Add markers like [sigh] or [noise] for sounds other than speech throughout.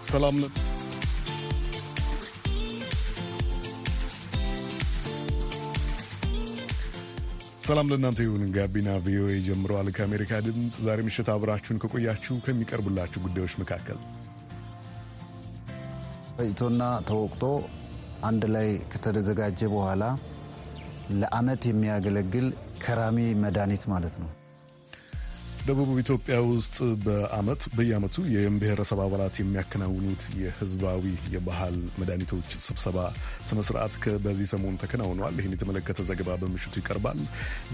Selamlar. ሰላም ለእናንተ ይሁን። ጋቢና ቪኦኤ ጀምረዋል። ከአሜሪካ ድምፅ ዛሬ ምሽት አብራችሁን ከቆያችሁ ከሚቀርቡላችሁ ጉዳዮች መካከል ፈጭቶና ተወቅቶ አንድ ላይ ከተዘጋጀ በኋላ ለአመት የሚያገለግል ከራሚ መድኃኒት ማለት ነው። ደቡብ ኢትዮጵያ ውስጥ በአመት በየአመቱ የም ብሔረሰብ አባላት የሚያከናውኑት የህዝባዊ የባህል መድኃኒቶች ስብሰባ ስነ ስርዓት በዚህ ሰሞን ተከናውኗል። ይህን የተመለከተ ዘገባ በምሽቱ ይቀርባል።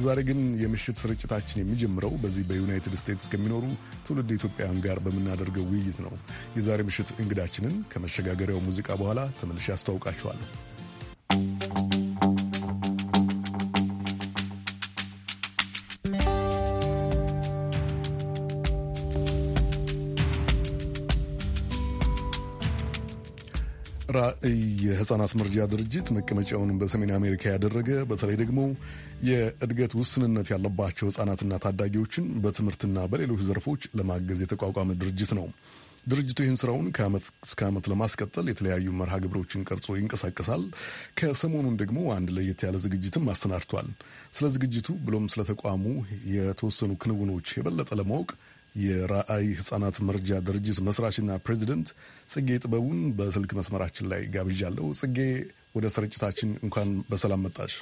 ዛሬ ግን የምሽት ስርጭታችን የሚጀምረው በዚህ በዩናይትድ ስቴትስ ከሚኖሩ ትውልድ ኢትዮጵያውያን ጋር በምናደርገው ውይይት ነው። የዛሬ ምሽት እንግዳችንን ከመሸጋገሪያው ሙዚቃ በኋላ ተመልሼ አስተዋውቃችኋለሁ። ራዕይ የህጻናት መርጃ ድርጅት መቀመጫውን በሰሜን አሜሪካ ያደረገ በተለይ ደግሞ የእድገት ውስንነት ያለባቸው ህጻናትና ታዳጊዎችን በትምህርትና በሌሎች ዘርፎች ለማገዝ የተቋቋመ ድርጅት ነው። ድርጅቱ ይህን ስራውን ከዓመት እስከ ዓመት ለማስቀጠል የተለያዩ መርሃ ግብሮችን ቀርጾ ይንቀሳቀሳል። ከሰሞኑን ደግሞ አንድ ለየት ያለ ዝግጅትም አሰናድቷል። ስለ ዝግጅቱ ብሎም ስለ ተቋሙ የተወሰኑ ክንውኖች የበለጠ ለማወቅ የራአይ ህጻናት መርጃ ድርጅት መስራችና ፕሬዚደንት ጽጌ ጥበቡን በስልክ መስመራችን ላይ ጋብዣለሁ። ጽጌ ወደ ስርጭታችን እንኳን በሰላም መጣሽ።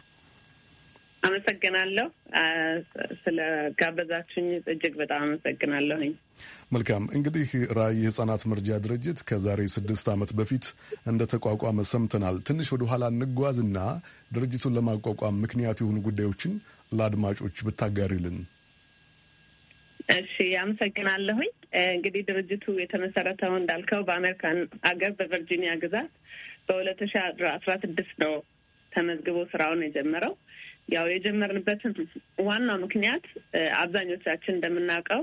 አመሰግናለሁ ስለ እጅግ በጣም አመሰግናለሁኝ። መልካም እንግዲህ ራእይ የህጻናት መርጃ ድርጅት ከዛሬ ስድስት ዓመት በፊት እንደ ተቋቋመ ሰምተናል። ትንሽ ወደ ኋላ እንጓዝና ድርጅቱን ለማቋቋም ምክንያት የሆኑ ጉዳዮችን ለአድማጮች ብታጋሪልን። እሺ አመሰግናለሁኝ። እንግዲህ ድርጅቱ የተመሰረተው እንዳልከው በአሜሪካን አገር በቨርጂኒያ ግዛት በሁለት ሺ አስራ ስድስት ነው ተመዝግቦ ስራውን የጀመረው። ያው የጀመርንበት ዋናው ምክንያት አብዛኞቻችን እንደምናውቀው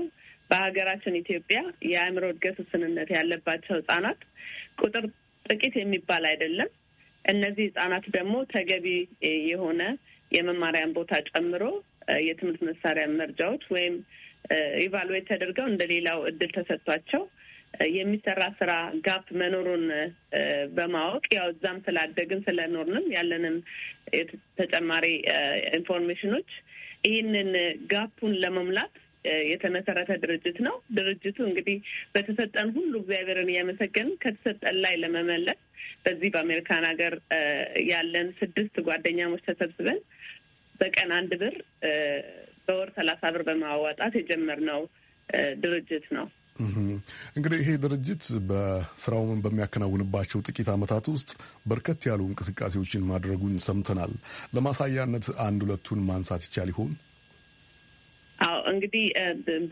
በሀገራችን ኢትዮጵያ የአእምሮ እድገት ውስንነት ያለባቸው ህጻናት ቁጥር ጥቂት የሚባል አይደለም። እነዚህ ህጻናት ደግሞ ተገቢ የሆነ የመማሪያን ቦታ ጨምሮ የትምህርት መሳሪያ መርጃዎች ወይም ኢቫሉዌት ተደርገው እንደ ሌላው እድል ተሰጥቷቸው የሚሰራ ስራ ጋፕ መኖሩን በማወቅ ያው እዛም ስላደግን ስለኖርንም ያለንም ተጨማሪ ኢንፎርሜሽኖች ይህንን ጋፑን ለመሙላት የተመሰረተ ድርጅት ነው። ድርጅቱ እንግዲህ በተሰጠን ሁሉ እግዚአብሔርን እያመሰገን ከተሰጠን ላይ ለመመለስ በዚህ በአሜሪካን ሀገር ያለን ስድስት ጓደኛሞች ተሰብስበን በቀን አንድ ብር በወር ሰላሳ ብር በማዋጣት የጀመርነው ድርጅት ነው። እንግዲህ ይሄ ድርጅት በስራውን በሚያከናውንባቸው ጥቂት ዓመታት ውስጥ በርከት ያሉ እንቅስቃሴዎችን ማድረጉን ሰምተናል። ለማሳያነት አንድ ሁለቱን ማንሳት ይቻል ይሆን? አዎ እንግዲህ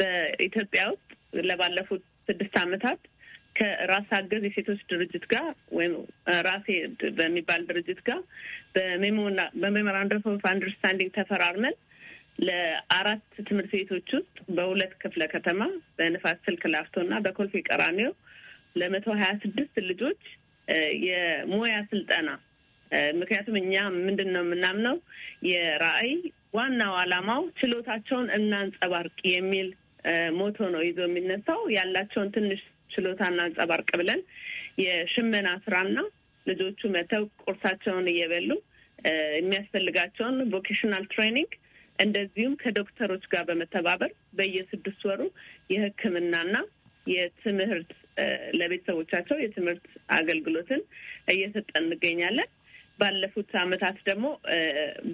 በኢትዮጵያ ውስጥ ለባለፉት ስድስት ዓመታት ከራስ አገዝ የሴቶች ድርጅት ጋር ወይም ራሴ በሚባል ድርጅት ጋር በሜሞራንደም ኦፍ አንደርስታንዲንግ ተፈራርመን ለአራት ትምህርት ቤቶች ውስጥ በሁለት ክፍለ ከተማ በንፋስ ስልክ ላፍቶ እና በኮልፌ ቀራኒዮ ለመቶ ሀያ ስድስት ልጆች የሙያ ስልጠና ምክንያቱም እኛ ምንድን ነው የምናምነው የራዕይ ዋናው ዓላማው ችሎታቸውን እናንጸባርቅ የሚል ሞቶ ነው ይዞ የሚነሳው። ያላቸውን ትንሽ ችሎታ እናንጸባርቅ ብለን የሽመና ስራና ልጆቹ መተው ቁርሳቸውን እየበሉ የሚያስፈልጋቸውን ቮኬሽናል ትሬኒንግ እንደዚሁም ከዶክተሮች ጋር በመተባበር በየስድስት ወሩ የሕክምናና የትምህርት ለቤተሰቦቻቸው የትምህርት አገልግሎትን እየሰጠን እንገኛለን። ባለፉት አመታት ደግሞ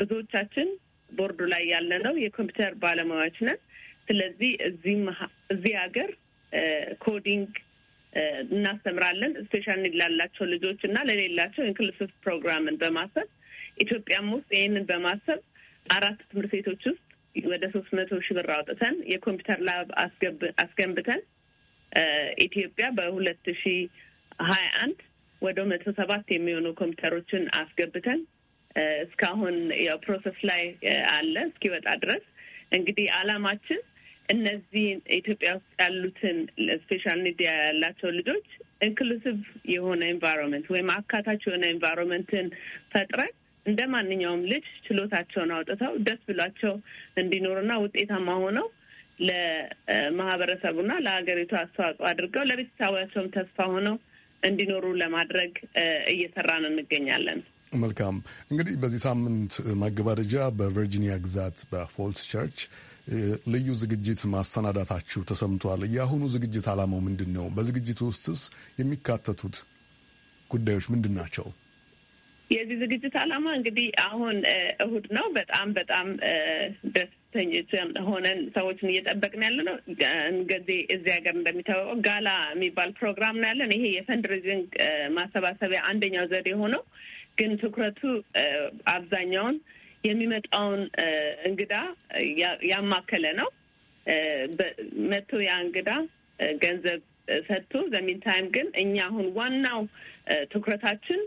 ብዙዎቻችን ቦርዱ ላይ ያለነው የኮምፒውተር ባለሙያዎች ነን። ስለዚህ እዚህም እዚህ ሀገር ኮዲንግ እናስተምራለን ስፔሻል ላላቸው ልጆች እና ለሌላቸው ኢንክሉሲቭ ፕሮግራምን በማሰብ ኢትዮጵያም ውስጥ ይህንን በማሰብ አራት ትምህርት ቤቶች ውስጥ ወደ ሶስት መቶ ሺህ ብር አውጥተን የኮምፒውተር ላብ አስገንብተን ኢትዮጵያ በሁለት ሺ ሀያ አንድ ወደ መቶ ሰባት የሚሆኑ ኮምፒውተሮችን አስገብተን እስካሁን ያው ፕሮሰስ ላይ አለ እስኪወጣ ድረስ እንግዲህ አላማችን እነዚህ ኢትዮጵያ ውስጥ ያሉትን ስፔሻል ኒድ ያላቸው ልጆች ኢንክሉሲቭ የሆነ ኤንቫይሮንመንት ወይም አካታች የሆነ ኤንቫይሮንመንትን ፈጥረን እንደ ማንኛውም ልጅ ችሎታቸውን አውጥተው ደስ ብሏቸው እንዲኖሩና ውጤታማ ሆነው ለማህበረሰቡና ለሀገሪቱ አስተዋጽኦ አድርገው ለቤተሰባቸውም ተስፋ ሆነው እንዲኖሩ ለማድረግ እየሰራን እንገኛለን። መልካም እንግዲህ በዚህ ሳምንት ማገባደጃ በቨርጂኒያ ግዛት በፎልስ ቸርች ልዩ ዝግጅት ማሰናዳታችሁ ተሰምቷል። የአሁኑ ዝግጅት ዓላማው ምንድን ነው? በዝግጅቱ ውስጥስ የሚካተቱት ጉዳዮች ምንድን ናቸው? የዚህ ዝግጅት ዓላማ እንግዲህ አሁን እሁድ ነው። በጣም በጣም ደስተኞች ሆነን ሰዎችን እየጠበቅን ያለ ነው። እንግዲህ እዚህ ሀገር እንደሚታወቀው ጋላ የሚባል ፕሮግራም ነው ያለን። ይሄ የፈንድሬዚንግ ማሰባሰቢያ አንደኛው ዘዴ ሆነው ግን ትኩረቱ አብዛኛውን የሚመጣውን እንግዳ ያማከለ ነው። መቶ ያ እንግዳ ገንዘብ ሰጥቶ ዘሚን ታይም ግን እኛ አሁን ዋናው ትኩረታችን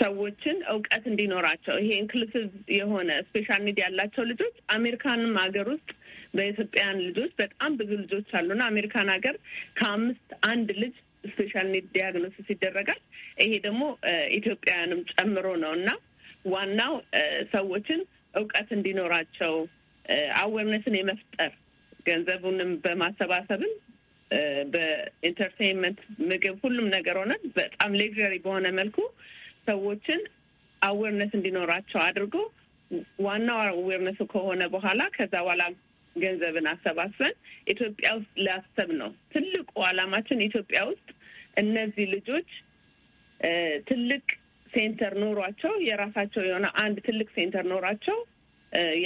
ሰዎችን እውቀት እንዲኖራቸው ይሄ ኢንክሉሲቭ የሆነ ስፔሻል ኒድ ያላቸው ልጆች አሜሪካንም ሀገር ውስጥ በኢትዮጵያን ልጆች በጣም ብዙ ልጆች አሉና አሜሪካን ሀገር ከአምስት አንድ ልጅ ስፔሻል ኒድ ዲያግኖሲስ ይደረጋል። ይሄ ደግሞ ኢትዮጵያውያንም ጨምሮ ነው እና ዋናው ሰዎችን እውቀት እንዲኖራቸው አዌርነስን የመፍጠር ገንዘቡንም በማሰባሰብን በኢንተርቴንመንት ምግብ፣ ሁሉም ነገር ሆነ በጣም ሌግዘሪ በሆነ መልኩ ሰዎችን አዌርነስ እንዲኖራቸው አድርጎ ዋናው አዌርነሱ ከሆነ በኋላ ከዛ በኋላ ገንዘብን አሰባስበን ኢትዮጵያ ውስጥ ሊያሰብ ነው ትልቁ አላማችን ኢትዮጵያ ውስጥ እነዚህ ልጆች ትልቅ ሴንተር ኖሯቸው የራሳቸው የሆነ አንድ ትልቅ ሴንተር ኖሯቸው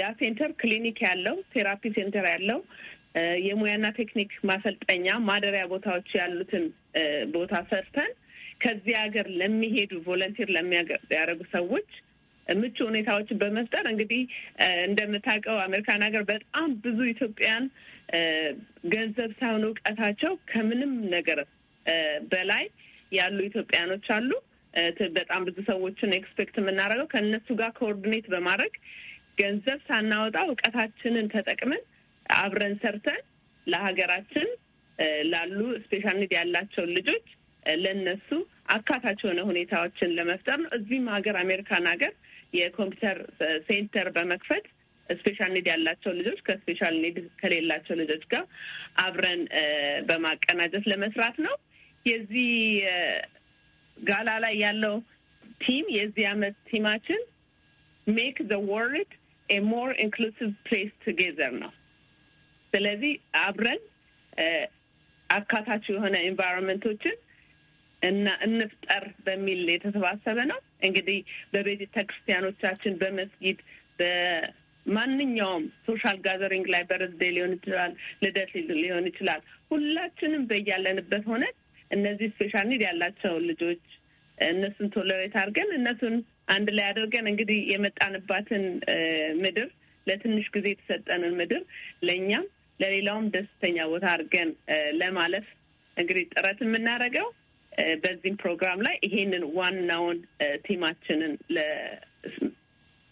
ያ ሴንተር ክሊኒክ ያለው ቴራፒ ሴንተር ያለው የሙያና ቴክኒክ ማሰልጠኛ ማደሪያ ቦታዎች ያሉትን ቦታ ሰርተን ከዚህ ሀገር ለሚሄዱ ቮለንቲር ለሚያደርጉ ሰዎች ምቹ ሁኔታዎችን በመፍጠር እንግዲህ እንደምታውቀው አሜሪካን ሀገር በጣም ብዙ ኢትዮጵያን ገንዘብ ሳይሆን እውቀታቸው ከምንም ነገር በላይ ያሉ ኢትዮጵያኖች አሉ። በጣም ብዙ ሰዎችን ኤክስፔክት የምናደርገው ከእነሱ ጋር ኮኦርዲኔት በማድረግ ገንዘብ ሳናወጣ እውቀታችንን ተጠቅመን አብረን ሰርተን ለሀገራችን ላሉ ስፔሻል ኒድ ያላቸውን ልጆች ለነሱ አካታች የሆነ ሁኔታዎችን ለመፍጠር ነው። እዚህም ሀገር አሜሪካን ሀገር የኮምፒውተር ሴንተር በመክፈት ስፔሻል ኒድ ያላቸው ልጆች ከስፔሻል ኒድ ከሌላቸው ልጆች ጋር አብረን በማቀናጀት ለመስራት ነው። የዚህ ጋላ ላይ ያለው ቲም የዚህ አመት ቲማችን ሜክ ዘ ወርልድ ኤ ሞር ኢንክሉሲቭ ፕሌስ ቱጌዘር ነው። ስለዚህ አብረን አካታች የሆነ ኤንቫይሮንመንቶችን እና እንፍጠር በሚል የተሰባሰበ ነው። እንግዲህ በቤተ ክርስቲያኖቻችን፣ በመስጊድ፣ በማንኛውም ሶሻል ጋዘሪንግ ላይ በርዝዴ ሊሆን ይችላል፣ ልደት ሊሆን ይችላል። ሁላችንም በያለንበት ሆነ እነዚህ ስፔሻል ኒድ ያላቸው ልጆች እነሱን ቶለሬት አድርገን እነሱን አንድ ላይ አድርገን እንግዲህ የመጣንባትን ምድር ለትንሽ ጊዜ የተሰጠንን ምድር ለእኛም ለሌላውም ደስተኛ ቦታ አድርገን ለማለፍ እንግዲህ ጥረት የምናደርገው በዚህም ፕሮግራም ላይ ይሄንን ዋናውን ቲማችንን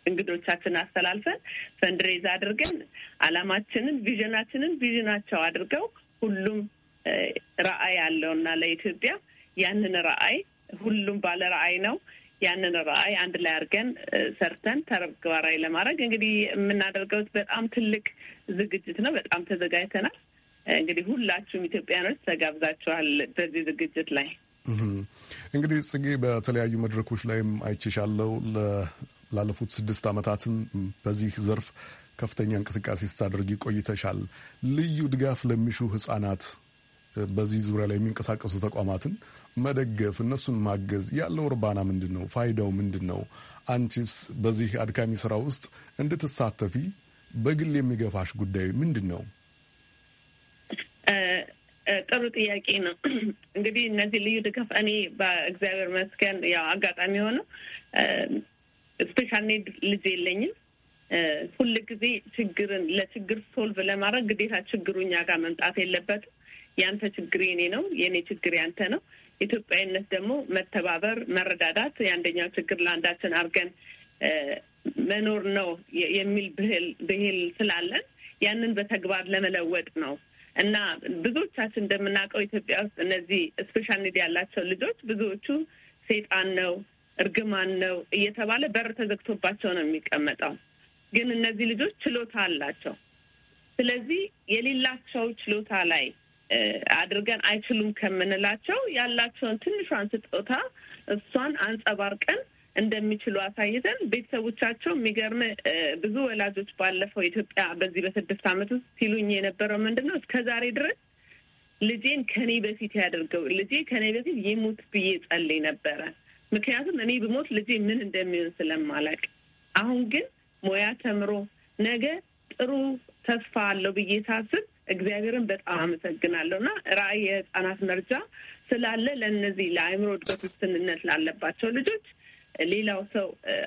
እንግዶቻችን አስተላልፈን ፈንድሬዝ አድርገን አላማችንን ቪዥናችንን ቪዥናቸው አድርገው ሁሉም ራዕይ አለውና ለኢትዮጵያ ያንን ራዕይ ሁሉም ባለ ራዕይ ነው ያንን ራዕይ አንድ ላይ አድርገን ሰርተን ተግባራዊ ለማድረግ እንግዲህ የምናደርገው በጣም ትልቅ ዝግጅት ነው። በጣም ተዘጋጅተናል። እንግዲህ ሁላችሁም ኢትዮጵያኖች ተጋብዛችኋል በዚህ ዝግጅት ላይ። እንግዲህ ጽጌ፣ በተለያዩ መድረኮች ላይም አይችሻለው ላለፉት ስድስት ዓመታትም በዚህ ዘርፍ ከፍተኛ እንቅስቃሴ ስታደርጊ ቆይተሻል። ልዩ ድጋፍ ለሚሹ ህጻናት በዚህ ዙሪያ ላይ የሚንቀሳቀሱ ተቋማትን መደገፍ፣ እነሱን ማገዝ ያለው እርባና ምንድን ነው? ፋይዳው ምንድን ነው? አንቺስ በዚህ አድካሚ ስራ ውስጥ እንድትሳተፊ በግል የሚገፋሽ ጉዳይ ምንድን ነው? ጥሩ ጥያቄ ነው። [clears throat] እንግዲህ እነዚህ ልዩ ድጋፍ እኔ በእግዚአብሔር መስገን ያው አጋጣሚ የሆነው ስፔሻል ኔድ ልጅ የለኝም። ሁል ጊዜ ችግርን ለችግር ሶልቭ ለማድረግ ግዴታ ችግሩ እኛ ጋር መምጣት የለበትም። ያንተ ችግር የኔ ነው፣ የእኔ ችግር ያንተ ነው። ኢትዮጵያዊነት ደግሞ መተባበር፣ መረዳዳት የአንደኛው ችግር ለአንዳችን አድርገን መኖር ነው የሚል ብሂል ስላለን ያንን በተግባር ለመለወጥ ነው እና ብዙዎቻችን እንደምናውቀው ኢትዮጵያ ውስጥ እነዚህ ስፔሻል ኒድ ያላቸው ልጆች ብዙዎቹ ሴጣን ነው እርግማን ነው እየተባለ በር ተዘግቶባቸው ነው የሚቀመጠው። ግን እነዚህ ልጆች ችሎታ አላቸው። ስለዚህ የሌላቸው ችሎታ ላይ አድርገን አይችሉም ከምንላቸው ያላቸውን ትንሿን ስጦታ እሷን አንጸባርቀን እንደሚችሉ አሳይተን ቤተሰቦቻቸው የሚገርም ብዙ ወላጆች ባለፈው ኢትዮጵያ በዚህ በስድስት ዓመት ውስጥ ሲሉኝ የነበረው ምንድን ነው እስከ ዛሬ ድረስ ልጄን ከኔ በፊት ያደርገው ልጄ ከኔ በፊት ይሙት ብዬ ጸልይ ነበረ። ምክንያቱም እኔ ብሞት ልጄ ምን እንደሚሆን ስለማላቅ፣ አሁን ግን ሙያ ተምሮ ነገ ጥሩ ተስፋ አለው ብዬ ሳስብ እግዚአብሔርን በጣም አመሰግናለሁ እና ራእይ የህፃናት መርጃ ስላለ ለእነዚህ ለአእምሮ እድገት ውስንነት ላለባቸው ልጆች ሌላው ሰው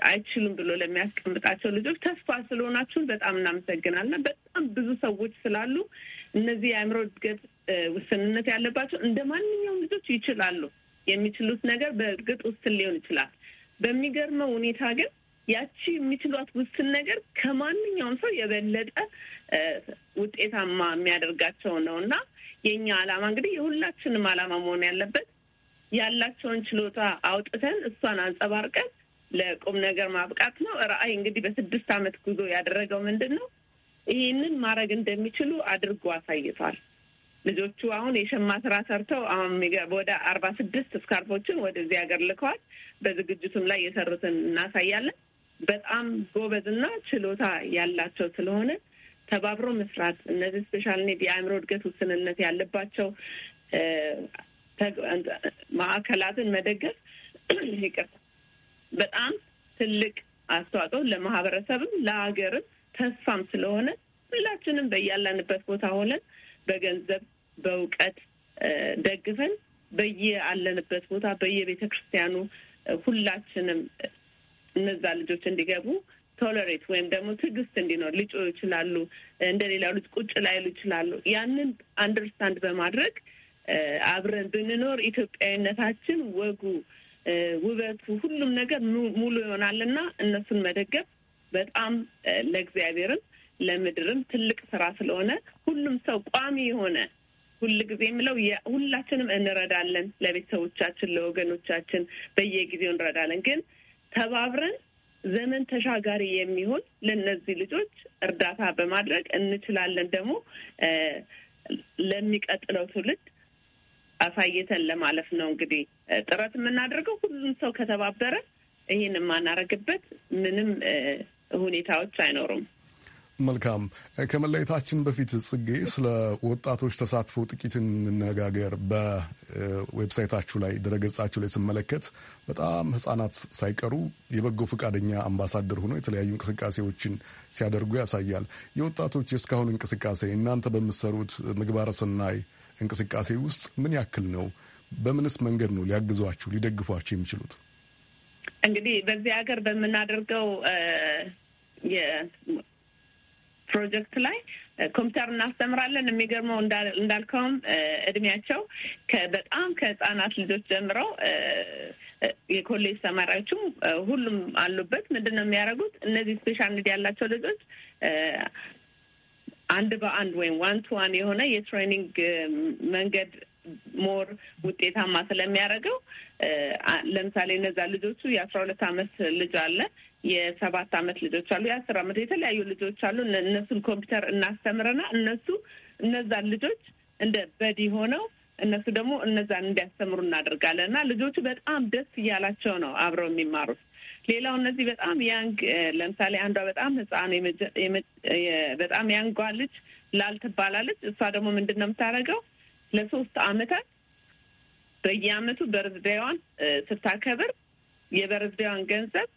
አይችሉም ብሎ ለሚያስቀምጣቸው ልጆች ተስፋ ስለሆናችሁን በጣም እናመሰግናለን። በጣም ብዙ ሰዎች ስላሉ እነዚህ የአእምሮ እድገት ውስንነት ያለባቸው እንደ ማንኛውም ልጆች ይችላሉ። የሚችሉት ነገር በእርግጥ ውስን ሊሆን ይችላል። በሚገርመው ሁኔታ ግን ያቺ የሚችሏት ውስን ነገር ከማንኛውም ሰው የበለጠ ውጤታማ የሚያደርጋቸው ነው እና የእኛ ዓላማ እንግዲህ የሁላችንም ዓላማ መሆን ያለበት ያላቸውን ችሎታ አውጥተን እሷን አንጸባርቀን ለቁም ነገር ማብቃት ነው። ራዕይ እንግዲህ በስድስት ዓመት ጉዞ ያደረገው ምንድን ነው? ይህንን ማድረግ እንደሚችሉ አድርጎ አሳይቷል። ልጆቹ አሁን የሸማ ስራ ሰርተው አሁን ወደ አርባ ስድስት ስካርፎችን ወደዚህ ሀገር ልከዋል። በዝግጅቱም ላይ የሰሩትን እናሳያለን። በጣም ጎበዝና ችሎታ ያላቸው ስለሆነ ተባብሮ መስራት እነዚህ ስፔሻል ኒድ የአእምሮ እድገት ውስንነት ያለባቸው ማዕከላትን መደገፍ [clears throat] ይቅርታ በጣም ትልቅ አስተዋጽኦ ለማህበረሰብም ለሀገርም ተስፋም ስለሆነ ሁላችንም በያለንበት ቦታ ሆነን በገንዘብ በእውቀት ደግፈን በየአለንበት ቦታ በየቤተ ክርስቲያኑ ሁላችንም እነዛ ልጆች እንዲገቡ ቶለሬት ወይም ደግሞ ትዕግስት እንዲኖር ሊጮ ይችላሉ። እንደ ሌላ ልጅ ቁጭ ላይሉ ይችላሉ። ያንን አንደርስታንድ በማድረግ አብረን ብንኖር ኢትዮጵያዊነታችን፣ ወጉ፣ ውበቱ፣ ሁሉም ነገር ሙሉ ይሆናልና እነሱን መደገፍ በጣም ለእግዚአብሔርም ለምድርም ትልቅ ስራ ስለሆነ ሁሉም ሰው ቋሚ የሆነ ጊዜ የምለው ሁላችንም እንረዳለን። ለቤተሰቦቻችን፣ ለወገኖቻችን በየጊዜው እንረዳለን ግን ተባብረን ዘመን ተሻጋሪ የሚሆን ለእነዚህ ልጆች እርዳታ በማድረግ እንችላለን ደግሞ ለሚቀጥለው ትውልድ አሳይተን ለማለፍ ነው እንግዲህ ጥረት የምናደርገው። ሁሉም ሰው ከተባበረ ይህን የማናረግበት ምንም ሁኔታዎች አይኖሩም። መልካም ከመለየታችን በፊት ጽጌ፣ ስለ ወጣቶች ተሳትፎ ጥቂት እንነጋገር። በዌብሳይታችሁ ላይ ድረገጻችሁ ላይ ስመለከት በጣም ህጻናት ሳይቀሩ የበጎ ፈቃደኛ አምባሳደር ሆኖ የተለያዩ እንቅስቃሴዎችን ሲያደርጉ ያሳያል። የወጣቶች የእስካሁን እንቅስቃሴ እናንተ በምሰሩት ምግባረ ሰናይ እንቅስቃሴ ውስጥ ምን ያክል ነው? በምንስ መንገድ ነው ሊያግዟችሁ ሊደግፏችሁ የሚችሉት? እንግዲህ በዚህ ሀገር በምናደርገው ፕሮጀክት ላይ ኮምፒውተር እናስተምራለን። የሚገርመው እንዳልከውም እድሜያቸው በጣም ከህፃናት ልጆች ጀምረው የኮሌጅ ተማሪዎችም ሁሉም አሉበት። ምንድን ነው የሚያደርጉት እነዚህ ስፔሻል ኒድ ያላቸው ልጆች አንድ በአንድ ወይም ዋን ቱ ዋን የሆነ የትሬኒንግ መንገድ ሞር ውጤታማ ስለሚያደርገው ለምሳሌ እነዛ ልጆቹ የአስራ ሁለት አመት ልጅ አለ የሰባት አመት ልጆች አሉ፣ የአስር አመት የተለያዩ ልጆች አሉ። እነሱን ኮምፒውተር እናስተምረና እነሱ እነዛን ልጆች እንደ በዲ ሆነው እነሱ ደግሞ እነዛን እንዲያስተምሩ እናደርጋለን እና ልጆቹ በጣም ደስ እያላቸው ነው አብረው የሚማሩት። ሌላው እነዚህ በጣም ያንግ ለምሳሌ አንዷ በጣም ህፃን በጣም ያንጓ ልጅ ላል ትባላለች። እሷ ደግሞ ምንድን ነው የምታደርገው ለሶስት አመታት በየአመቱ በርዝዳዋን ስታከብር የበርዝዳዋን ገንዘብ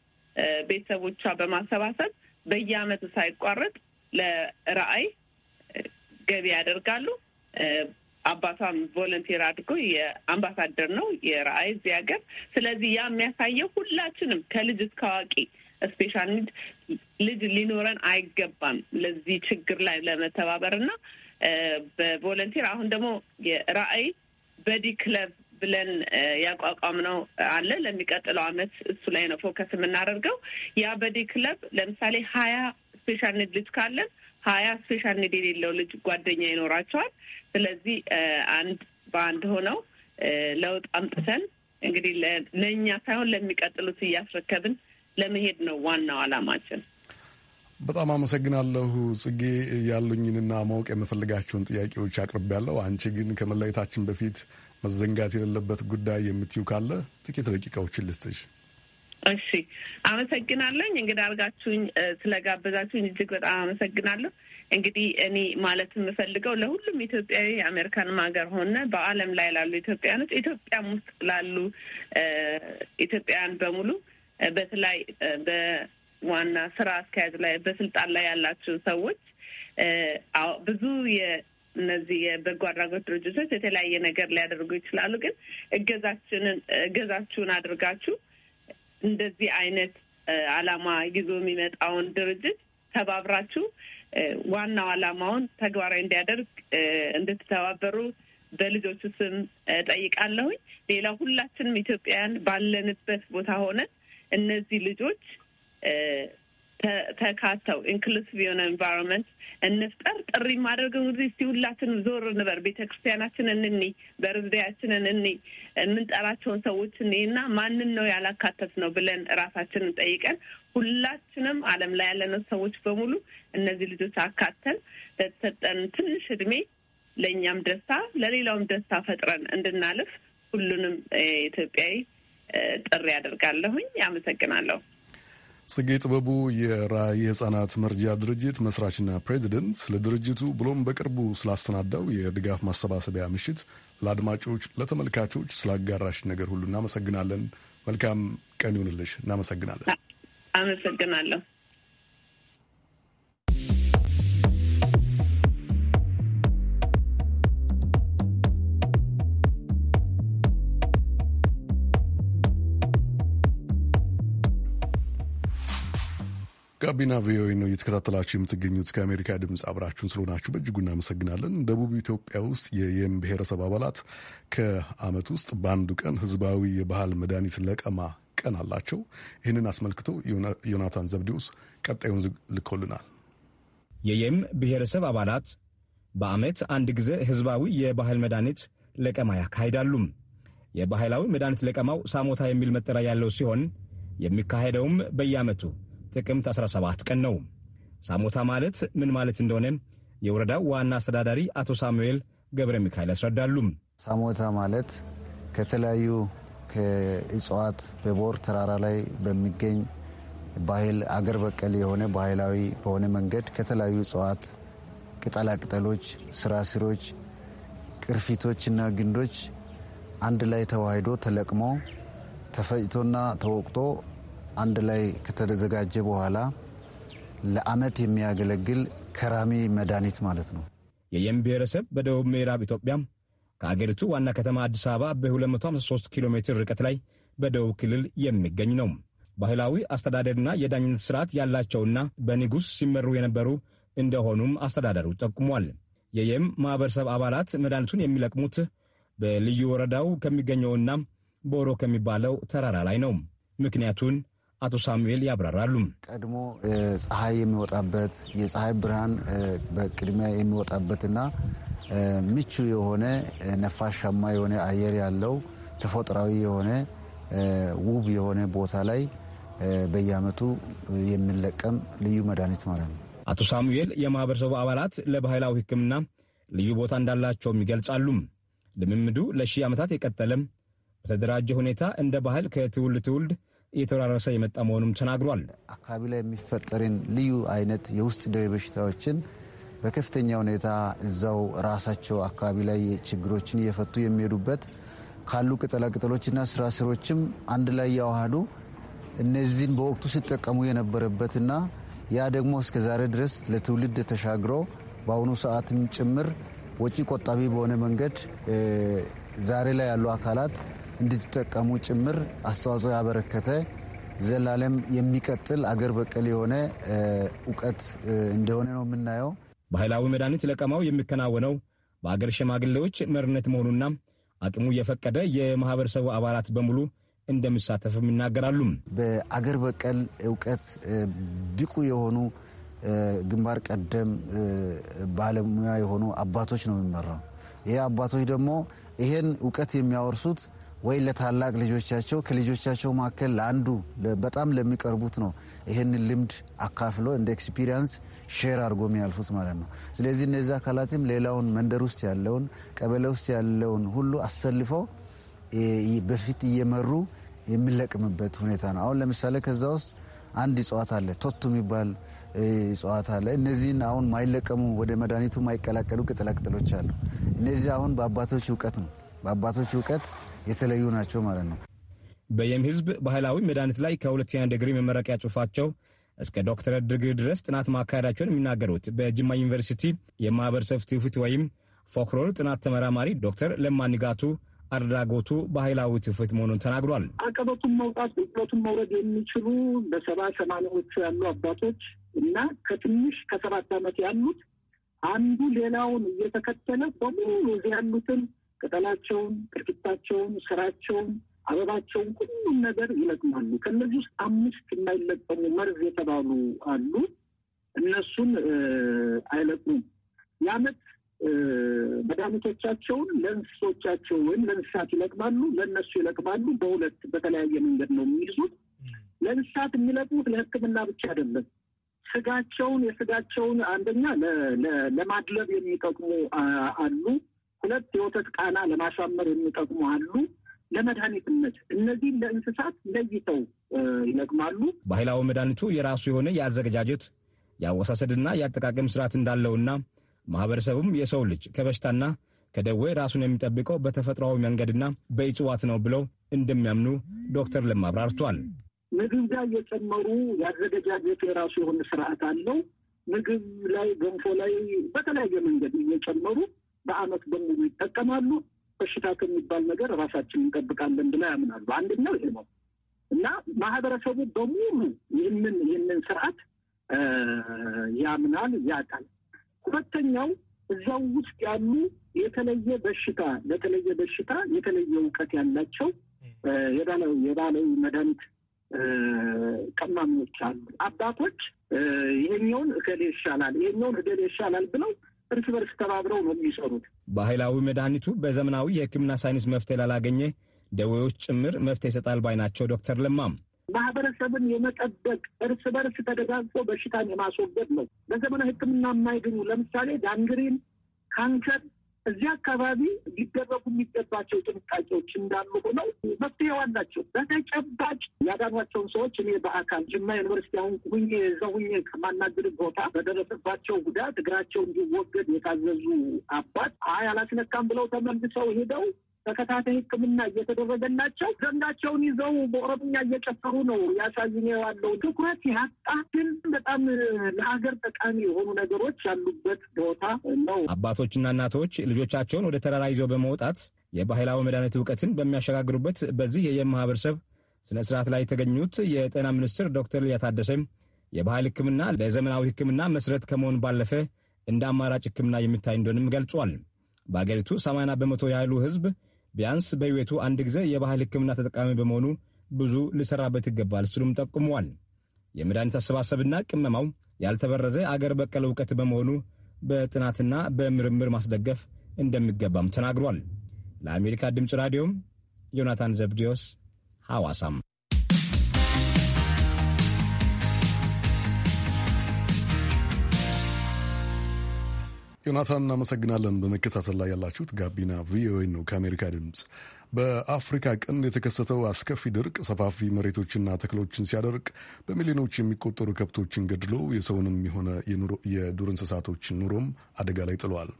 ቤተሰቦቿ በማሰባሰብ በየአመቱ ሳይቋረጥ ለራአይ ገቢ ያደርጋሉ። አባቷም ቮለንቲር አድርጎ የአምባሳደር ነው የራዕይ እዚህ ሀገር። ስለዚህ ያ የሚያሳየው ሁላችንም ከልጅ እስከ አዋቂ ስፔሻል ኒድ ልጅ ሊኖረን አይገባም ለዚህ ችግር ላይ ለመተባበር እና በቮለንቲር አሁን ደግሞ የራዕይ በዲ ክለብ ብለን ያቋቋም ነው አለ። ለሚቀጥለው አመት እሱ ላይ ነው ፎከስ የምናደርገው። የአበዴ ክለብ ለምሳሌ ሀያ ስፔሻል ኒድ ልጅ ካለን ሀያ ስፔሻል ኒድ የሌለው ልጅ ጓደኛ ይኖራቸዋል። ስለዚህ አንድ በአንድ ሆነው ለውጥ አምጥተን እንግዲህ ለእኛ ሳይሆን ለሚቀጥሉት እያስረከብን ለመሄድ ነው ዋናው አላማችን። በጣም አመሰግናለሁ ጽጌ። ያሉኝንና ማወቅ የምፈልጋቸውን ጥያቄዎች አቅርቤያለሁ። አንቺ ግን ከመለየታችን በፊት መዘንጋት የሌለበት ጉዳይ የምትዩ ካለ ጥቂት ደቂቃዎችን ልስጥሽ። እሺ፣ አመሰግናለኝ እንግዲህ አርጋችሁኝ ስለጋበዛችሁኝ እጅግ በጣም አመሰግናለሁ። እንግዲህ እኔ ማለት የምፈልገው ለሁሉም ኢትዮጵያዊ የአሜሪካንም ሀገር ሆነ በዓለም ላይ ላሉ ኢትዮጵያኖች ኢትዮጵያም ውስጥ ላሉ ኢትዮጵያውያን በሙሉ በተለይ በዋና ስራ አስኪያጅ ላይ በስልጣን ላይ ያላችሁ ሰዎች ብዙ እነዚህ የበጎ አድራጎት ድርጅቶች የተለያየ ነገር ሊያደርጉ ይችላሉ። ግን እገዛችንን እገዛችሁን አድርጋችሁ እንደዚህ አይነት አላማ ይዞ የሚመጣውን ድርጅት ተባብራችሁ ዋናው አላማውን ተግባራዊ እንዲያደርግ እንድትተባበሩ በልጆቹ ስም ጠይቃለሁኝ። ሌላ ሁላችንም ኢትዮጵያውያን ባለንበት ቦታ ሆነ እነዚህ ልጆች ተካተው ኢንክሉሲቭ የሆነ ኤንቫይሮንመንት እንፍጠር። ጥሪ የማደርገው ጊዜ እስቲ ሁላችንም ዞር ንበር፣ ቤተ ክርስቲያናችንን እኒ፣ በርዝዴያችንን እኒ፣ የምንጠራቸውን ሰዎች እኒ እና ማንን ነው ያላካተት ነው ብለን እራሳችንን ጠይቀን ሁላችንም ዓለም ላይ ያለነው ሰዎች በሙሉ እነዚህ ልጆች አካተን ለተሰጠን ትንሽ እድሜ ለእኛም ደስታ ለሌላውም ደስታ ፈጥረን እንድናልፍ ሁሉንም ኢትዮጵያዊ ጥሪ ያደርጋለሁኝ። አመሰግናለሁ። ጽጌ ጥበቡ የራእይ የህፃናት መርጃ ድርጅት መስራችና ፕሬዚደንት፣ ለድርጅቱ ብሎም በቅርቡ ስላሰናዳው የድጋፍ ማሰባሰቢያ ምሽት ለአድማጮች ለተመልካቾች ስላጋራሽ ነገር ሁሉ እናመሰግናለን። መልካም ቀን ይሁንልሽ። እናመሰግናለን። አመሰግናለሁ። ጋቢና ቪኦኤ ነው እየተከታተላችሁ የምትገኙት። ከአሜሪካ ድምፅ አብራችሁን ስለሆናችሁ በእጅጉ እናመሰግናለን። ደቡብ ኢትዮጵያ ውስጥ የየም ብሔረሰብ አባላት ከዓመት ውስጥ በአንዱ ቀን ህዝባዊ የባህል መድኃኒት ለቀማ ቀን አላቸው። ይህንን አስመልክቶ ዮናታን ዘብዲውስ ቀጣዩን ልኮልናል። የየም ብሔረሰብ አባላት በዓመት አንድ ጊዜ ህዝባዊ የባህል መድኃኒት ለቀማ ያካሂዳሉ። የባህላዊ መድኃኒት ለቀማው ሳሞታ የሚል መጠሪያ ያለው ሲሆን የሚካሄደውም በየዓመቱ ጥቅምት 17 ቀን ነው። ሳሞታ ማለት ምን ማለት እንደሆነ የወረዳው ዋና አስተዳዳሪ አቶ ሳሙኤል ገብረ ሚካኤል ያስረዳሉ። ሳሞታ ማለት ከተለያዩ ከእጽዋት በቦር ተራራ ላይ በሚገኝ ባህል አገር በቀል የሆነ ባህላዊ በሆነ መንገድ ከተለያዩ እጽዋት ቅጠላቅጠሎች፣ ስራስሮች፣ ቅርፊቶች እና ግንዶች አንድ ላይ ተዋህዶ ተለቅሞ ተፈጭቶና ተወቅጦ አንድ ላይ ከተዘጋጀ በኋላ ለአመት የሚያገለግል ከራሚ መድኃኒት ማለት ነው። የየም ብሔረሰብ በደቡብ ምዕራብ ኢትዮጵያ ከአገሪቱ ዋና ከተማ አዲስ አበባ በ253 ኪሎ ሜትር ርቀት ላይ በደቡብ ክልል የሚገኝ ነው። ባህላዊ አስተዳደርና የዳኝነት ስርዓት ያላቸውና በንጉሥ ሲመሩ የነበሩ እንደሆኑም አስተዳደሩ ጠቁሟል። የየም ማኅበረሰብ አባላት መድኃኒቱን የሚለቅሙት በልዩ ወረዳው ከሚገኘውና ቦሮ ከሚባለው ተራራ ላይ ነው። ምክንያቱን አቶ ሳሙኤል ያብራራሉ። ቀድሞ ፀሐይ የሚወጣበት የፀሐይ ብርሃን በቅድሚያ የሚወጣበትና ምቹ የሆነ ነፋሻማ የሆነ አየር ያለው ተፈጥሯዊ የሆነ ውብ የሆነ ቦታ ላይ በየዓመቱ የሚለቀም ልዩ መድኃኒት ማለት ነው። አቶ ሳሙኤል የማህበረሰቡ አባላት ለባህላዊ ሕክምና ልዩ ቦታ እንዳላቸውም ይገልጻሉ። ልምምዱ ለሺህ ዓመታት የቀጠለም በተደራጀ ሁኔታ እንደ ባህል ከትውልድ ትውልድ እየተወራረሰ የመጣ መሆኑም ተናግሯል። አካባቢ ላይ የሚፈጠርን ልዩ አይነት የውስጥ ደዌ በሽታዎችን በከፍተኛ ሁኔታ እዛው ራሳቸው አካባቢ ላይ ችግሮችን እየፈቱ የሚሄዱበት ካሉ ቅጠላቅጠሎችና ስራስሮችም አንድ ላይ ያዋህዱ እነዚህን በወቅቱ ሲጠቀሙ የነበረበትና ያ ደግሞ እስከ ዛሬ ድረስ ለትውልድ ተሻግሮ በአሁኑ ሰዓትም ጭምር ወጪ ቆጣቢ በሆነ መንገድ ዛሬ ላይ ያሉ አካላት እንድትጠቀሙ ጭምር አስተዋጽኦ ያበረከተ ዘላለም የሚቀጥል አገር በቀል የሆነ እውቀት እንደሆነ ነው የምናየው። ባህላዊ መድኃኒት ለቀማው የሚከናወነው በአገር ሽማግሌዎች መርነት መሆኑና አቅሙ የፈቀደ የማህበረሰቡ አባላት በሙሉ እንደሚሳተፍም ይናገራሉ። በአገር በቀል እውቀት ብቁ የሆኑ ግንባር ቀደም ባለሙያ የሆኑ አባቶች ነው የሚመራው። ይሄ አባቶች ደግሞ ይሄን እውቀት የሚያወርሱት ወይ ለታላቅ ልጆቻቸው ከልጆቻቸው መካከል ለአንዱ በጣም ለሚቀርቡት ነው ይህንን ልምድ አካፍሎ እንደ ኤክስፒሪንስ ሼር አድርጎ የሚያልፉት ማለት ነው። ስለዚህ እነዚህ አካላትም ሌላውን መንደር ውስጥ ያለውን ቀበሌ ውስጥ ያለውን ሁሉ አሰልፈው በፊት እየመሩ የሚለቅምበት ሁኔታ ነው። አሁን ለምሳሌ ከዛ ውስጥ አንድ እጽዋት አለ፣ ቶቱ የሚባል እጽዋት አለ። እነዚህን አሁን ማይለቀሙ ወደ መድኃኒቱ ማይቀላቀሉ ቅጠላቅጠሎች አሉ። እነዚህ አሁን በአባቶች እውቀት ነው በአባቶች እውቀት የተለዩ ናቸው ማለት ነው። በየም ህዝብ ባህላዊ መድኃኒት ላይ ከሁለተኛ ዲግሪ መመረቂያ ጽሑፋቸው እስከ ዶክተር ዲግሪ ድረስ ጥናት ማካሄዳቸውን የሚናገሩት በጅማ ዩኒቨርሲቲ የማህበረሰብ ትውፊት ወይም ፎክሎር ጥናት ተመራማሪ ዶክተር ለማንጋቱ አድራጎቱ ባህላዊ ትውፊት መሆኑን ተናግሯል። አቀበቱን መውጣት ብቅለቱን መውረድ የሚችሉ በሰባ ሰማንያዎቹ ያሉ አባቶች እና ከትንሽ ከሰባት ዓመት ያሉት አንዱ ሌላውን እየተከተለ በሙሉ ያሉትን ቅጠላቸውን፣ ቅርፊታቸውን፣ ስራቸውን፣ አበባቸውን ሁሉም ነገር ይለቅማሉ። ከእነዚህ ውስጥ አምስት የማይለቀሙ መርዝ የተባሉ አሉ። እነሱን አይለቅሙም። የአመት መድኃኒቶቻቸውን ለእንስሶቻቸው ወይም ለእንስሳት ይለቅማሉ፣ ለእነሱ ይለቅማሉ። በሁለት በተለያየ መንገድ ነው የሚይዙት። ለእንስሳት የሚለቅሙት ለሕክምና ብቻ አይደለም። ስጋቸውን የስጋቸውን አንደኛ ለማድለብ የሚጠቅሙ አሉ ሁለት የወተት ቃና ለማሳመር የሚጠቅሙ አሉ ለመድኃኒትነት እነዚህም ለእንስሳት ለይተው ይለቅማሉ። ባህላዊ መድኃኒቱ የራሱ የሆነ የአዘገጃጀት የአወሳሰድና የአጠቃቀም ስርዓት እንዳለውና ማህበረሰቡም የሰው ልጅ ከበሽታና ከደዌ ራሱን የሚጠብቀው በተፈጥሯዊ መንገድና በእጽዋት ነው ብለው እንደሚያምኑ ዶክተር ለማ አብራርቷል። ምግብ ጋር እየጨመሩ የአዘገጃጀቱ የራሱ የሆነ ስርዓት አለው። ምግብ ላይ ገንፎ ላይ በተለያየ መንገድ እየጨመሩ በአመት በሙሉ ይጠቀማሉ። በሽታ ከሚባል ነገር ራሳችን እንጠብቃለን ብላ ያምናሉ። አንደኛው ይሄ ነው እና ማህበረሰቡ በሙሉ ይህንን ይህንን ስርዓት ያምናል፣ ያውቃል። ሁለተኛው እዛው ውስጥ ያሉ የተለየ በሽታ ለተለየ በሽታ የተለየ እውቀት ያላቸው የባህላዊ የባለው መድኃኒት ቀማሚዎች አሉ። አባቶች ይሄኛውን እከሌ ይሻላል፣ ይሄኛውን እገሌ ይሻላል ብለው እርስ በርስ ተባብረው ነው የሚሰሩት። ባህላዊ መድኃኒቱ በዘመናዊ የሕክምና ሳይንስ መፍትሄ ላላገኘ ደዌዎች ጭምር መፍትሄ ይሰጣል ባይ ናቸው ዶክተር ለማም። ማህበረሰብን የመጠበቅ እርስ በርስ ተደጋግፎ በሽታን የማስወገድ ነው። በዘመናዊ ሕክምና የማይገኙ ለምሳሌ ዳንግሪን፣ ካንሰር እዚህ አካባቢ ሊደረጉ የሚገባቸው ጥንቃቄዎች እንዳሉ ሆነው መፍትሄ ናቸው። በተጨባጭ ያዳኗቸውን ሰዎች እኔ በአካል ጅማ ዩኒቨርሲቲ አሁን ሁኜ እዛ ሁኜ ከማናገር ቦታ በደረሰባቸው ጉዳት እግራቸው እንዲወገድ የታዘዙ አባት አይ አላስነካም ብለው ተመልሰው ሄደው ተከታታይ ሕክምና እየተደረገላቸው ዘንዳቸውን ይዘው በኦሮምኛ እየጨፈሩ ነው ያሳዝኝ ዋለው ትኩረት ያጣ ግን በጣም ለሀገር ጠቃሚ የሆኑ ነገሮች ያሉበት ቦታ ነው። አባቶችና እናቶች ልጆቻቸውን ወደ ተራራ ይዘው በመውጣት የባህላዊ መድኃኒት እውቀትን በሚያሸጋግሩበት በዚህ የየማህበረሰብ ስነ ስርዓት ላይ የተገኙት የጤና ሚኒስትር ዶክተር ልያ ታደሰ የባህል ህክምና ለዘመናዊ ህክምና መሰረት ከመሆን ባለፈ እንደ አማራጭ ህክምና የሚታይ እንደሆንም ገልጿል። በአገሪቱ 80 በመቶ ያህሉ ህዝብ ቢያንስ በቤቱ አንድ ጊዜ የባህል ሕክምና ተጠቃሚ በመሆኑ ብዙ ሊሰራበት ይገባል ሲሉም ጠቁመዋል። የመድኃኒት አሰባሰብና ቅመማው ያልተበረዘ አገር በቀል እውቀት በመሆኑ በጥናትና በምርምር ማስደገፍ እንደሚገባም ተናግሯል። ለአሜሪካ ድምፅ ራዲዮም ዮናታን ዘብዲዮስ ሐዋሳም ዮናታን እናመሰግናለን። በመከታተል ላይ ያላችሁት ጋቢና ቪኦኤ ነው ከአሜሪካ ድምፅ። በአፍሪካ ቀንድ የተከሰተው አስከፊ ድርቅ ሰፋፊ መሬቶችና ተክሎችን ሲያደርቅ በሚሊዮኖች የሚቆጠሩ ከብቶችን ገድሎ የሰውንም የሆነ የዱር እንስሳቶችን ኑሮም አደጋ ላይ ጥሏል።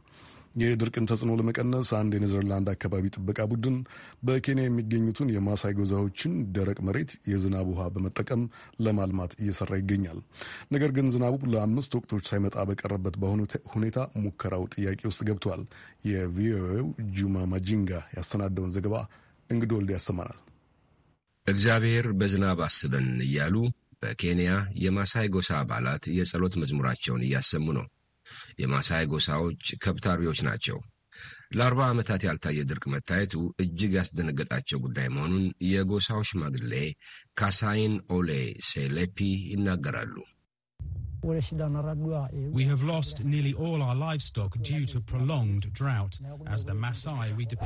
የድርቅን ተጽዕኖ ለመቀነስ አንድ የኔዘርላንድ አካባቢ ጥበቃ ቡድን በኬንያ የሚገኙትን የማሳይ ጎዛዎችን ደረቅ መሬት የዝናብ ውሃ በመጠቀም ለማልማት እየሰራ ይገኛል። ነገር ግን ዝናቡ ለአምስት ወቅቶች ሳይመጣ በቀረበት በአሁኑ ሁኔታ ሙከራው ጥያቄ ውስጥ ገብቷል። የቪኦኤው ጁማ ማጂንጋ ያሰናደውን ዘገባ እንግዶ ወልድ ያሰማናል። እግዚአብሔር በዝናብ አስበን እያሉ በኬንያ የማሳይ ጎሳ አባላት የጸሎት መዝሙራቸውን እያሰሙ ነው። የማሳይ ጎሳዎች ከብት አርቢዎች ናቸው። ለአርባ ዓመታት ያልታየ ድርቅ መታየቱ እጅግ ያስደነገጣቸው ጉዳይ መሆኑን የጎሳው ሽማግሌ ካሳይን ኦሌ ሴሌፒ ይናገራሉ።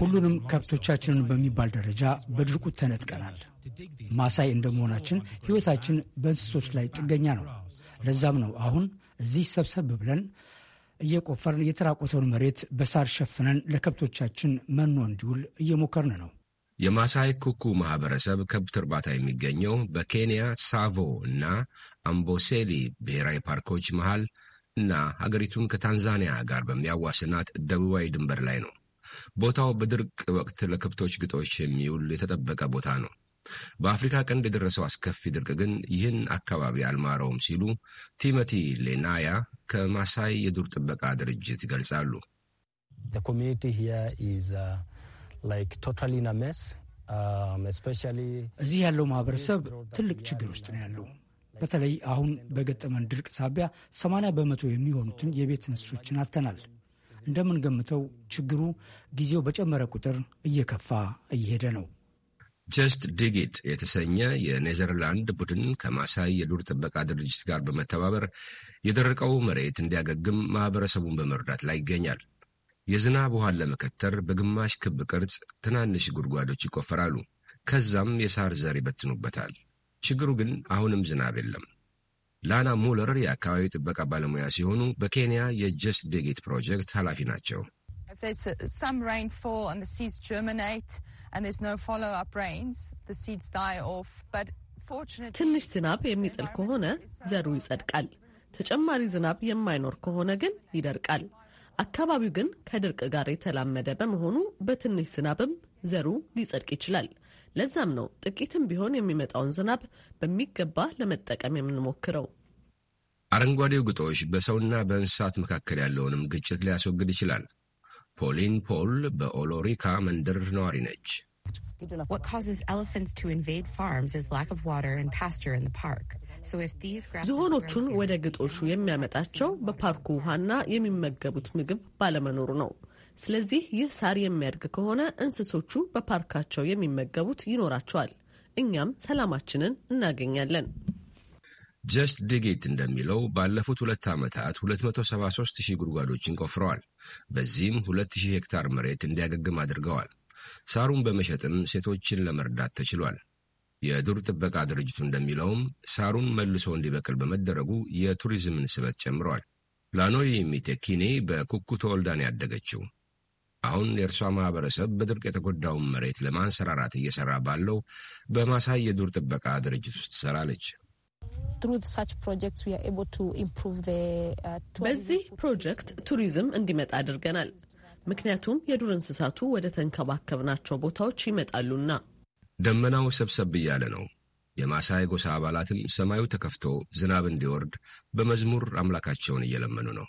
ሁሉንም ከብቶቻችንን በሚባል ደረጃ በድርቁ ተነጥቀናል። ማሳይ እንደመሆናችን ሕይወታችን በእንስሶች ላይ ጥገኛ ነው። ለዛም ነው አሁን እዚህ ሰብሰብ ብለን እየቆፈርን የተራቆተውን መሬት በሳር ሸፍነን ለከብቶቻችን መኖ እንዲውል እየሞከርን ነው። የማሳይ ኩኩ ማህበረሰብ ከብት እርባታ የሚገኘው በኬንያ ሳቮ እና አምቦሴሊ ብሔራዊ ፓርኮች መሃል እና ሀገሪቱን ከታንዛኒያ ጋር በሚያዋስናት ደቡባዊ ድንበር ላይ ነው። ቦታው በድርቅ ወቅት ለከብቶች ግጦሽ የሚውል የተጠበቀ ቦታ ነው። በአፍሪካ ቀንድ የደረሰው አስከፊ ድርቅ ግን ይህን አካባቢ አልማረውም ሲሉ ቲሞቲ ሌናያ ከማሳይ የዱር ጥበቃ ድርጅት ይገልጻሉ። uh, um, እዚህ ያለው ማህበረሰብ ትልቅ ችግር ውስጥ ነው ያለው። በተለይ አሁን በገጠመን ድርቅ ሳቢያ 80 በመቶ የሚሆኑትን የቤት እንስሶችን አጥተናል። እንደምንገምተው ችግሩ ጊዜው በጨመረ ቁጥር እየከፋ እየሄደ ነው። ጀስት ዲጊት የተሰኘ የኔዘርላንድ ቡድን ከማሳይ የዱር ጥበቃ ድርጅት ጋር በመተባበር የደረቀው መሬት እንዲያገግም ማህበረሰቡን በመርዳት ላይ ይገኛል። የዝናብ ውሃን ለመከተር በግማሽ ክብ ቅርጽ ትናንሽ ጉድጓዶች ይቆፈራሉ። ከዛም የሳር ዘር ይበትኑበታል። ችግሩ ግን አሁንም ዝናብ የለም። ላና ሙለር የአካባቢ ጥበቃ ባለሙያ ሲሆኑ በኬንያ የጀስት ዲጊት ፕሮጀክት ኃላፊ ናቸው። and there's no follow-up rains, the seeds die off. But ትንሽ ዝናብ የሚጥል ከሆነ ዘሩ ይጸድቃል። ተጨማሪ ዝናብ የማይኖር ከሆነ ግን ይደርቃል። አካባቢው ግን ከድርቅ ጋር የተላመደ በመሆኑ በትንሽ ዝናብም ዘሩ ሊጸድቅ ይችላል። ለዛም ነው ጥቂትም ቢሆን የሚመጣውን ዝናብ በሚገባ ለመጠቀም የምንሞክረው። አረንጓዴው ግጦሽ በሰውና በእንስሳት መካከል ያለውንም ግጭት ሊያስወግድ ይችላል። ፖሊን ፖል በኦሎሪካ መንደር ነዋሪ ነች። ዝሆኖቹን ወደ ግጦሹ የሚያመጣቸው በፓርኩ ውሃና የሚመገቡት ምግብ ባለመኖሩ ነው። ስለዚህ ይህ ሳር የሚያድግ ከሆነ እንስሶቹ በፓርካቸው የሚመገቡት ይኖራቸዋል፣ እኛም ሰላማችንን እናገኛለን። ጀስት ዲጊት እንደሚለው ባለፉት ሁለት ዓመታት 273 ሺህ ጉድጓዶችን ቆፍረዋል። በዚህም 2000 ሄክታር መሬት እንዲያገግም አድርገዋል። ሳሩን በመሸጥም ሴቶችን ለመርዳት ተችሏል። የዱር ጥበቃ ድርጅቱ እንደሚለውም ሳሩን መልሶ እንዲበቅል በመደረጉ የቱሪዝምን ስበት ጨምረዋል። ላኖይ ሚቴኪኔ በኩኩ ተወልዳን ያደገችው አሁን የእርሷ ማህበረሰብ በድርቅ የተጎዳውን መሬት ለማንሰራራት እየሰራ ባለው በማሳይ የዱር ጥበቃ ድርጅት ውስጥ ትሰራለች። Uh, በዚህ ፕሮጀክት ቱሪዝም እንዲመጣ አድርገናል። ምክንያቱም የዱር እንስሳቱ ወደ ተንከባከብናቸው ቦታዎች ይመጣሉና። ደመናው ሰብሰብ እያለ ነው። የማሳይ ጎሳ አባላትም ሰማዩ ተከፍቶ ዝናብ እንዲወርድ በመዝሙር አምላካቸውን እየለመኑ ነው።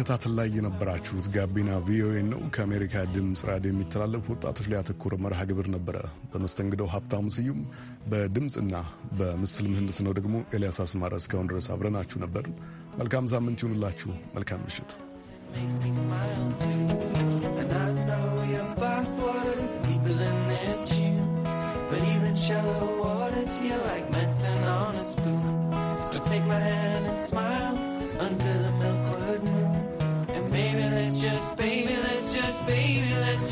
በመከታተል ላይ የነበራችሁት ጋቢና ቪኦኤ ነው። ከአሜሪካ ድምፅ ራዲዮ የሚተላለፉ ወጣቶች ላይ ያተኮረ መርሃ ግብር ነበረ። በመስተንግደው ሀብታሙ ስዩም፣ በድምፅና በምስል ምህንድስ ነው ደግሞ ኤልያስ አስማረ። እስካሁን ድረስ አብረናችሁ ነበር። መልካም ሳምንት ይሁንላችሁ። መልካም ምሽት። take my hand and smile until just, baby, let's just, baby, let's